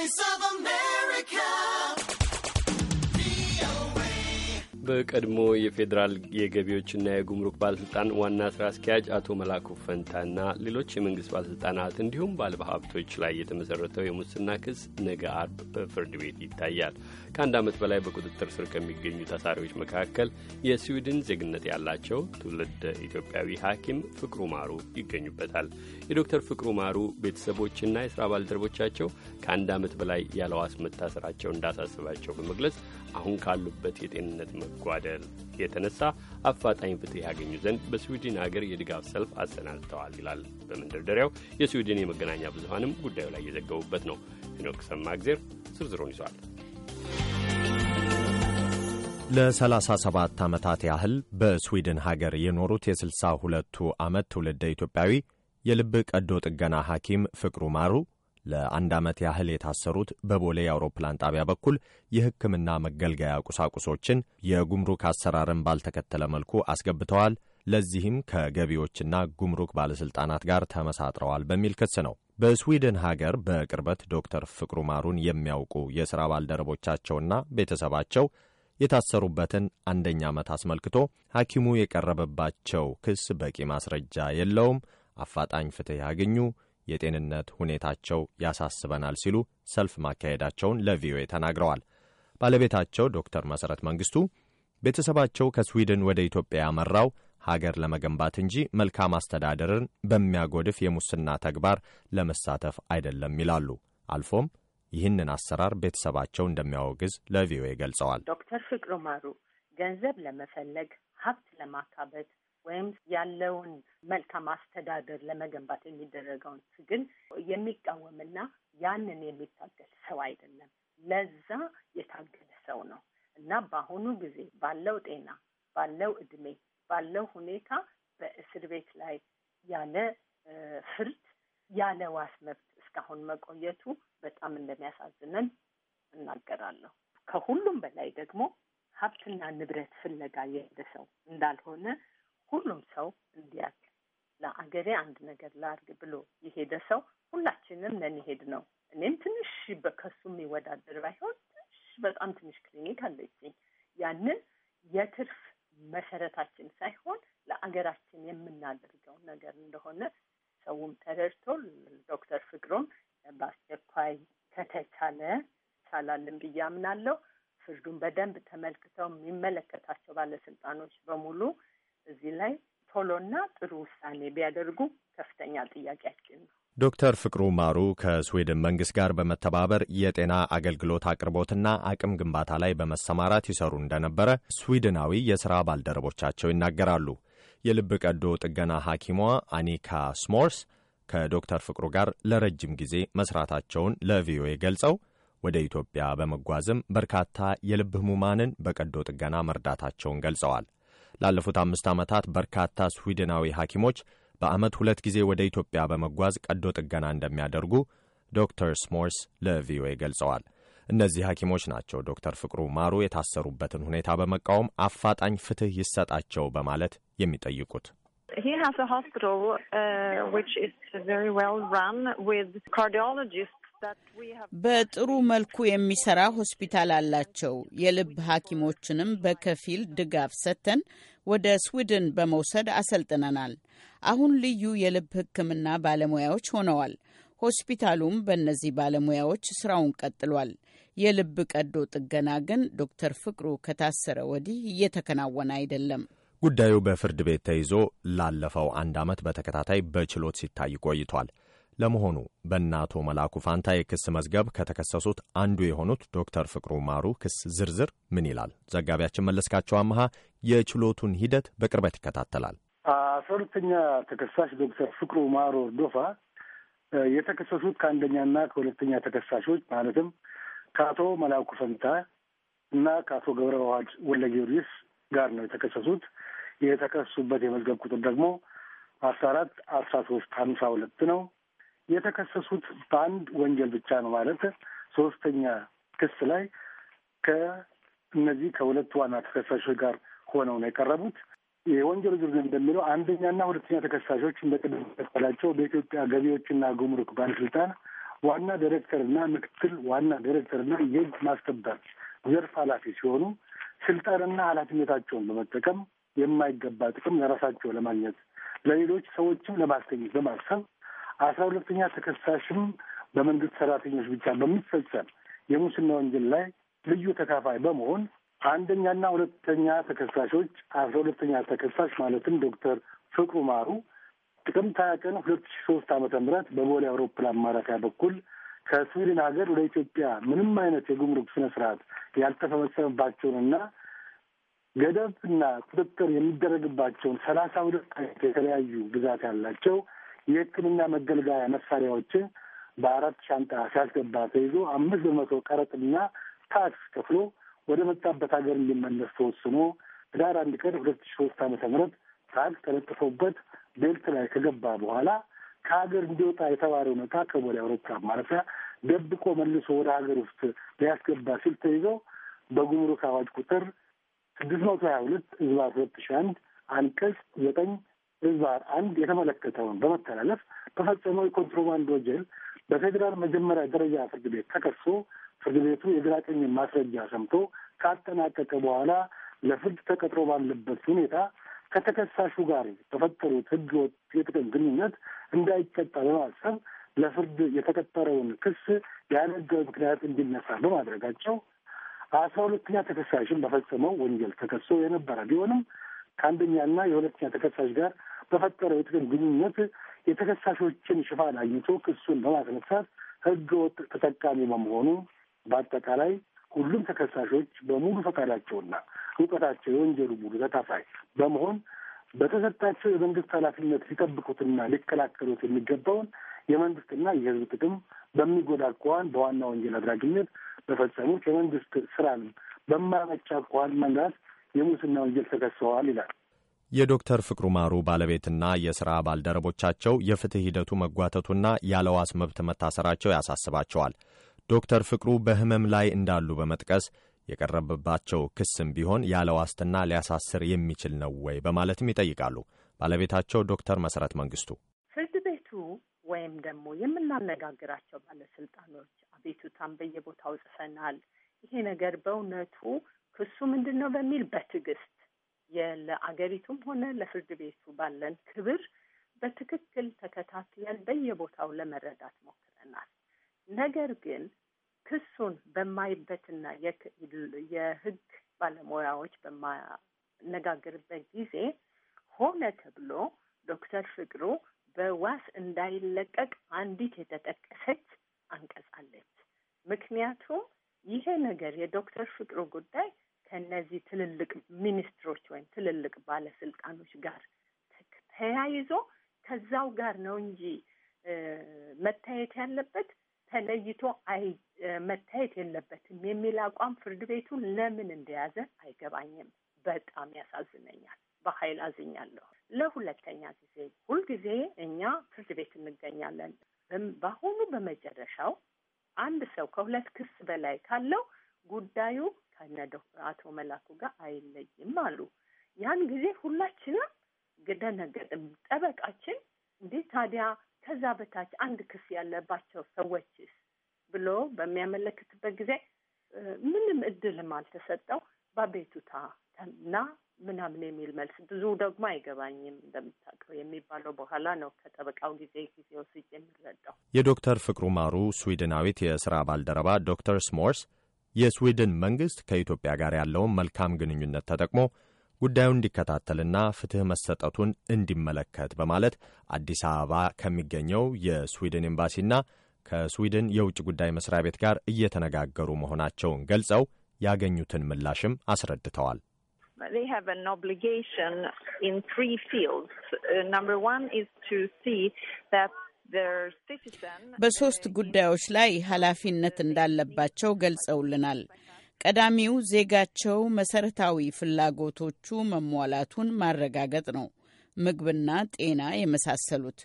Voice of man. በቀድሞ የፌዴራል የገቢዎችና የጉምሩክ ባለስልጣን ዋና ስራ አስኪያጅ አቶ መላኩ ፈንታና ሌሎች የመንግስት ባለስልጣናት እንዲሁም ባለሀብቶች ላይ የተመሰረተው የሙስና ክስ ነገ አርብ በፍርድ ቤት ይታያል። ከአንድ ዓመት በላይ በቁጥጥር ስር ከሚገኙ ታሳሪዎች መካከል የስዊድን ዜግነት ያላቸው ትውልድ ኢትዮጵያዊ ሐኪም ፍቅሩ ማሩ ይገኙበታል። የዶክተር ፍቅሩ ማሩ ቤተሰቦችና የስራ ባልደረቦቻቸው ከአንድ ዓመት በላይ ያለዋስ መታሰራቸው እንዳሳስባቸው በመግለጽ አሁን ካሉበት የጤንነት መብት መጓደል የተነሳ አፋጣኝ ፍትህ ያገኙ ዘንድ በስዊድን አገር የድጋፍ ሰልፍ አሰናድተዋል ይላል በመንደርደሪያው። የስዊድን የመገናኛ ብዙሀንም ጉዳዩ ላይ የዘገቡበት ነው። ሄኖክ ሰማእግዜር ዝርዝሩን ይዟል። ለ37 ዓመታት ያህል በስዊድን ሀገር የኖሩት የ62ቱ ዓመት ትውልደ ኢትዮጵያዊ የልብ ቀዶ ጥገና ሐኪም ፍቅሩ ማሩ ለአንድ ዓመት ያህል የታሰሩት በቦሌ የአውሮፕላን ጣቢያ በኩል የሕክምና መገልገያ ቁሳቁሶችን የጉምሩክ አሰራርን ባልተከተለ መልኩ አስገብተዋል፣ ለዚህም ከገቢዎችና ጉምሩክ ባለሥልጣናት ጋር ተመሳጥረዋል በሚል ክስ ነው። በስዊድን ሀገር በቅርበት ዶክተር ፍቅሩ ማሩን የሚያውቁ የሥራ ባልደረቦቻቸውና ቤተሰባቸው የታሰሩበትን አንደኛ ዓመት አስመልክቶ ሐኪሙ የቀረበባቸው ክስ በቂ ማስረጃ የለውም፣ አፋጣኝ ፍትሕ ያገኙ። የጤንነት ሁኔታቸው ያሳስበናል ሲሉ ሰልፍ ማካሄዳቸውን ለቪኦኤ ተናግረዋል። ባለቤታቸው ዶክተር መሠረት መንግሥቱ ቤተሰባቸው ከስዊድን ወደ ኢትዮጵያ ያመራው ሀገር ለመገንባት እንጂ መልካም አስተዳደርን በሚያጎድፍ የሙስና ተግባር ለመሳተፍ አይደለም ይላሉ። አልፎም ይህንን አሰራር ቤተሰባቸው እንደሚያወግዝ ለቪኦኤ ገልጸዋል። ዶክተር ፍቅሩ ማሩ ገንዘብ ለመፈለግ ሀብት ለማካበት ወይም ያለውን መልካም አስተዳደር ለመገንባት የሚደረገውን ትግል የሚቃወምና ያንን የሚታገል ሰው አይደለም። ለዛ የታገለ ሰው ነው እና በአሁኑ ጊዜ ባለው ጤና፣ ባለው እድሜ፣ ባለው ሁኔታ በእስር ቤት ላይ ያለ ፍርድ ያለ ዋስ መብት እስካሁን መቆየቱ በጣም እንደሚያሳዝነን እናገራለሁ። ከሁሉም በላይ ደግሞ ሀብትና ንብረት ፍለጋ የሄደ ሰው እንዳልሆነ ሁሉም ሰው እንዲያት ለአገሬ አንድ ነገር ላርግ ብሎ የሄደ ሰው ሁላችንም ሄድ ነው። እኔም ትንሽ ከሱ የሚወዳደር ባይሆን ትንሽ በጣም ትንሽ ክሊኒክ አለችኝ። ያንን የትርፍ መሰረታችን ሳይሆን ለአገራችን የምናደርገው ነገር እንደሆነ ሰውም ተረድቶ ዶክተር ፍቅሩም በአስቸኳይ ከተቻለ ይቻላልን ብዬ አምናለሁ። ፍርዱን በደንብ ተመልክተው የሚመለከታቸው ባለስልጣኖች በሙሉ እዚህ ላይ ቶሎና ጥሩ ውሳኔ ቢያደርጉ ከፍተኛ ጥያቄያችን ነው። ዶክተር ፍቅሩ ማሩ ከስዊድን መንግስት ጋር በመተባበር የጤና አገልግሎት አቅርቦትና አቅም ግንባታ ላይ በመሰማራት ይሰሩ እንደነበረ ስዊድናዊ የሥራ ባልደረቦቻቸው ይናገራሉ። የልብ ቀዶ ጥገና ሐኪሟ አኒካ ስሞርስ ከዶክተር ፍቅሩ ጋር ለረጅም ጊዜ መስራታቸውን ለቪኦኤ ገልጸው ወደ ኢትዮጵያ በመጓዝም በርካታ የልብ ህሙማንን በቀዶ ጥገና መርዳታቸውን ገልጸዋል። ላለፉት አምስት ዓመታት በርካታ ስዊድናዊ ሐኪሞች በዓመት ሁለት ጊዜ ወደ ኢትዮጵያ በመጓዝ ቀዶ ጥገና እንደሚያደርጉ ዶክተር ስሞርስ ለቪኦኤ ገልጸዋል። እነዚህ ሐኪሞች ናቸው ዶክተር ፍቅሩ ማሩ የታሰሩበትን ሁኔታ በመቃወም አፋጣኝ ፍትህ ይሰጣቸው በማለት የሚጠይቁት። He has a hospital uh, which is very well run with cardiologists በጥሩ መልኩ የሚሰራ ሆስፒታል አላቸው። የልብ ሐኪሞችንም በከፊል ድጋፍ ሰጥተን ወደ ስዊድን በመውሰድ አሰልጥነናል። አሁን ልዩ የልብ ሕክምና ባለሙያዎች ሆነዋል። ሆስፒታሉም በእነዚህ ባለሙያዎች ስራውን ቀጥሏል። የልብ ቀዶ ጥገና ግን ዶክተር ፍቅሩ ከታሰረ ወዲህ እየተከናወነ አይደለም። ጉዳዩ በፍርድ ቤት ተይዞ ላለፈው አንድ ዓመት በተከታታይ በችሎት ሲታይ ቆይቷል። ለመሆኑ በናቶ መላኩ ፋንታ የክስ መዝገብ ከተከሰሱት አንዱ የሆኑት ዶክተር ፍቅሩ ማሩ ክስ ዝርዝር ምን ይላል? ዘጋቢያችን መለስካቸው አመሃ የችሎቱን ሂደት በቅርበት ይከታተላል። አስራ ሁለተኛ ተከሳሽ ዶክተር ፍቅሩ ማሩ ዶፋ የተከሰሱት ከአንደኛና ከሁለተኛ ተከሳሾች ማለትም ከአቶ መላኩ ፈንታ እና ከአቶ ገብረ ዋህድ ወለ ጊዮርጊስ ጋር ነው የተከሰሱት። የተከሱበት የመዝገብ ቁጥር ደግሞ አስራ አራት አስራ ሶስት ሀምሳ ሁለት ነው። የተከሰሱት በአንድ ወንጀል ብቻ ነው ማለት ሶስተኛ ክስ ላይ ከእነዚህ ከሁለት ዋና ተከሳሾች ጋር ሆነው ነው የቀረቡት። የወንጀል ዝርዝር እንደሚለው አንደኛና ሁለተኛ ተከሳሾች እንደ ቅድም ተከላቸው በኢትዮጵያ ገቢዎችና ጉምሩክ ባለስልጣን ዋና ዳይሬክተርና ምክትል ዋና ዳይሬክተርና የህግ ማስከበር ዘርፍ ኃላፊ ሲሆኑ ስልጣንና ኃላፊነታቸውን በመጠቀም የማይገባ ጥቅም ለራሳቸው ለማግኘት ለሌሎች ሰዎችም ለማስገኘት በማሰብ አስራ ሁለተኛ ተከሳሽም በመንግስት ሰራተኞች ብቻ በሚፈጸም የሙስና ወንጀል ላይ ልዩ ተካፋይ በመሆን አንደኛና ሁለተኛ ተከሳሾች አስራ ሁለተኛ ተከሳሽ ማለትም ዶክተር ፍቅሩ ማሩ ጥቅምት ሀያ ቀን ሁለት ሺ ሶስት አመተ ምህረት በቦሌ አውሮፕላን ማረፊያ በኩል ከስዊድን ሀገር ወደ ኢትዮጵያ ምንም አይነት የጉምሩክ ስነ ስርዓት ያልተፈጸመባቸውንና ገደብና ቁጥጥር የሚደረግባቸውን ሰላሳ ሁለት አይነት የተለያዩ ብዛት ያላቸው የሕክምና መገልገያ መሳሪያዎችን በአራት ሻንጣ ሲያስገባ ተይዞ አምስት በመቶ ቀረጥና ታክስ ከፍሎ ወደ መጣበት ሀገር እንዲመለስ ተወስኖ ህዳር አንድ ቀን ሁለት ሺ ሶስት ዓመተ ምህረት ታክስ ተለጥፎበት ቤልት ላይ ከገባ በኋላ ከሀገር እንዲወጣ የተባለውን ዕቃ ከቦሌ አውሮፕላን ማረፊያ ደብቆ መልሶ ወደ ሀገር ውስጥ ሊያስገባ ሲል ተይዞ በጉምሩክ አዋጅ ቁጥር ስድስት መቶ ሀያ ሁለት ህዝባ ሁለት ሺ አንድ አንቀጽ ዘጠኝ ግንባር አንድ የተመለከተውን በመተላለፍ በፈጸመው የኮንትሮባንድ ወንጀል በፌዴራል መጀመሪያ ደረጃ ፍርድ ቤት ተከሶ ፍርድ ቤቱ የግራ ማስረጃ ሰምቶ ካጠናቀቀ በኋላ ለፍርድ ተቀጥሮ ባለበት ሁኔታ ከተከሳሹ ጋር በፈጠሩት ህገወጥ የጥቅም ግንኙነት እንዳይቀጣ በማሰብ ለፍርድ የተቀጠረውን ክስ ያለ ምክንያት እንዲነሳ በማድረጋቸው አስራ ሁለተኛ ተከሳሽን በፈጸመው ወንጀል ተከሶ የነበረ ቢሆንም ከአንደኛና የሁለተኛ ተከሳሽ ጋር በፈጠረው የጥቅም ግንኙነት የተከሳሾችን ሽፋን አግኝቶ ክሱን በማስነሳት ህገ ወጥ ተጠቃሚ በመሆኑ በአጠቃላይ ሁሉም ተከሳሾች በሙሉ ፈቃዳቸውና እውቀታቸው የወንጀሉ ሙሉ ተካፋይ በመሆን በተሰጣቸው የመንግስት ኃላፊነት ሊጠብቁትና ሊከላከሉት የሚገባውን የመንግስትና የህዝብ ጥቅም በሚጎዳ አኳኋን በዋና ወንጀል አድራጊነት በፈጸሙት የመንግስት ስራን በማያመች አኳኋን መንግስት የሙስና ወንጀል ተከሰዋል ይላል። የዶክተር ፍቅሩ ማሩ ባለቤትና የሥራ ባልደረቦቻቸው የፍትህ ሂደቱ መጓተቱና ያለዋስ መብት መታሰራቸው ያሳስባቸዋል። ዶክተር ፍቅሩ በሕመም ላይ እንዳሉ በመጥቀስ የቀረበባቸው ክስም ቢሆን ያለ ዋስትና ሊያሳስር የሚችል ነው ወይ በማለትም ይጠይቃሉ። ባለቤታቸው ዶክተር መሰረት መንግስቱ ፍርድ ቤቱ ወይም ደግሞ የምናነጋግራቸው ባለስልጣኖች አቤቱታን በየቦታው ጽፈናል፣ ይሄ ነገር በእውነቱ እሱ ምንድን ነው በሚል በትዕግስት ለአገሪቱም ሆነ ለፍርድ ቤቱ ባለን ክብር በትክክል ተከታትለን በየቦታው ለመረዳት ሞክረናል። ነገር ግን ክሱን በማይበትና የህግ ባለሙያዎች በማነጋግርበት ጊዜ ሆነ ተብሎ ዶክተር ፍቅሩ በዋስ እንዳይለቀቅ አንዲት የተጠቀሰች አንቀጻለች ምክንያቱም ይሄ ነገር የዶክተር ፍቅሩ ጉዳይ ከነዚህ ትልልቅ ሚኒስትሮች ወይም ትልልቅ ባለስልጣኖች ጋር ተያይዞ ከዛው ጋር ነው እንጂ መታየት ያለበት ተለይቶ አይ መታየት የለበትም የሚል አቋም ፍርድ ቤቱ ለምን እንደያዘ አይገባኝም። በጣም ያሳዝነኛል። በኃይል አዝኛለሁ። ለሁለተኛ ጊዜ ሁልጊዜ እኛ ፍርድ ቤት እንገኛለን። በአሁኑ በመጨረሻው አንድ ሰው ከሁለት ክስ በላይ ካለው ጉዳዩ ከነ አቶ መላኩ ጋር አይለይም አሉ። ያን ጊዜ ሁላችንም ደነገጥን። ጠበቃችን እንዴ ታዲያ ከዛ በታች አንድ ክስ ያለባቸው ሰዎችስ ብሎ በሚያመለክትበት ጊዜ ምንም እድልም አልተሰጠው በአቤቱታ እና ምናምን የሚል መልስ ብዙ ደግሞ አይገባኝም እንደምታውቀው የሚባለው በኋላ ነው። ከጠበቃው ጊዜ ጊዜ ውስጥ የሚረዳው የዶክተር ፍቅሩ ማሩ ስዊድናዊት የስራ ባልደረባ ዶክተር ስሞርስ የስዊድን መንግሥት ከኢትዮጵያ ጋር ያለውን መልካም ግንኙነት ተጠቅሞ ጉዳዩን እንዲከታተልና ፍትሕ መሰጠቱን እንዲመለከት በማለት አዲስ አበባ ከሚገኘው የስዊድን ኤምባሲና ከስዊድን የውጭ ጉዳይ መስሪያ ቤት ጋር እየተነጋገሩ መሆናቸውን ገልጸው ያገኙትን ምላሽም አስረድተዋል። They have an obligation in three fields. Uh, number one is to see that በሶስት ጉዳዮች ላይ ኃላፊነት እንዳለባቸው ገልጸውልናል። ቀዳሚው ዜጋቸው መሰረታዊ ፍላጎቶቹ መሟላቱን ማረጋገጥ ነው፣ ምግብና ጤና የመሳሰሉት።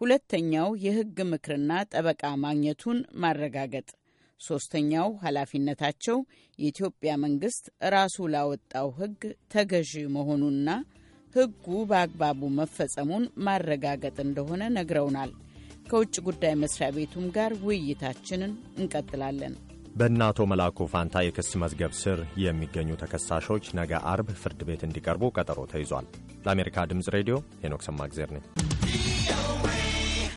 ሁለተኛው የሕግ ምክርና ጠበቃ ማግኘቱን ማረጋገጥ። ሶስተኛው ኃላፊነታቸው የኢትዮጵያ መንግስት ራሱ ላወጣው ሕግ ተገዢ መሆኑና ሕጉ በአግባቡ መፈጸሙን ማረጋገጥ እንደሆነ ነግረውናል። ከውጭ ጉዳይ መስሪያ ቤቱም ጋር ውይይታችንን እንቀጥላለን። በእናቶ መላኩ ፋንታ የክስ መዝገብ ስር የሚገኙ ተከሳሾች ነገ አርብ ፍርድ ቤት እንዲቀርቡ ቀጠሮ ተይዟል። ለአሜሪካ ድምፅ ሬዲዮ ሄኖክ ሰማግዜር ነኝ።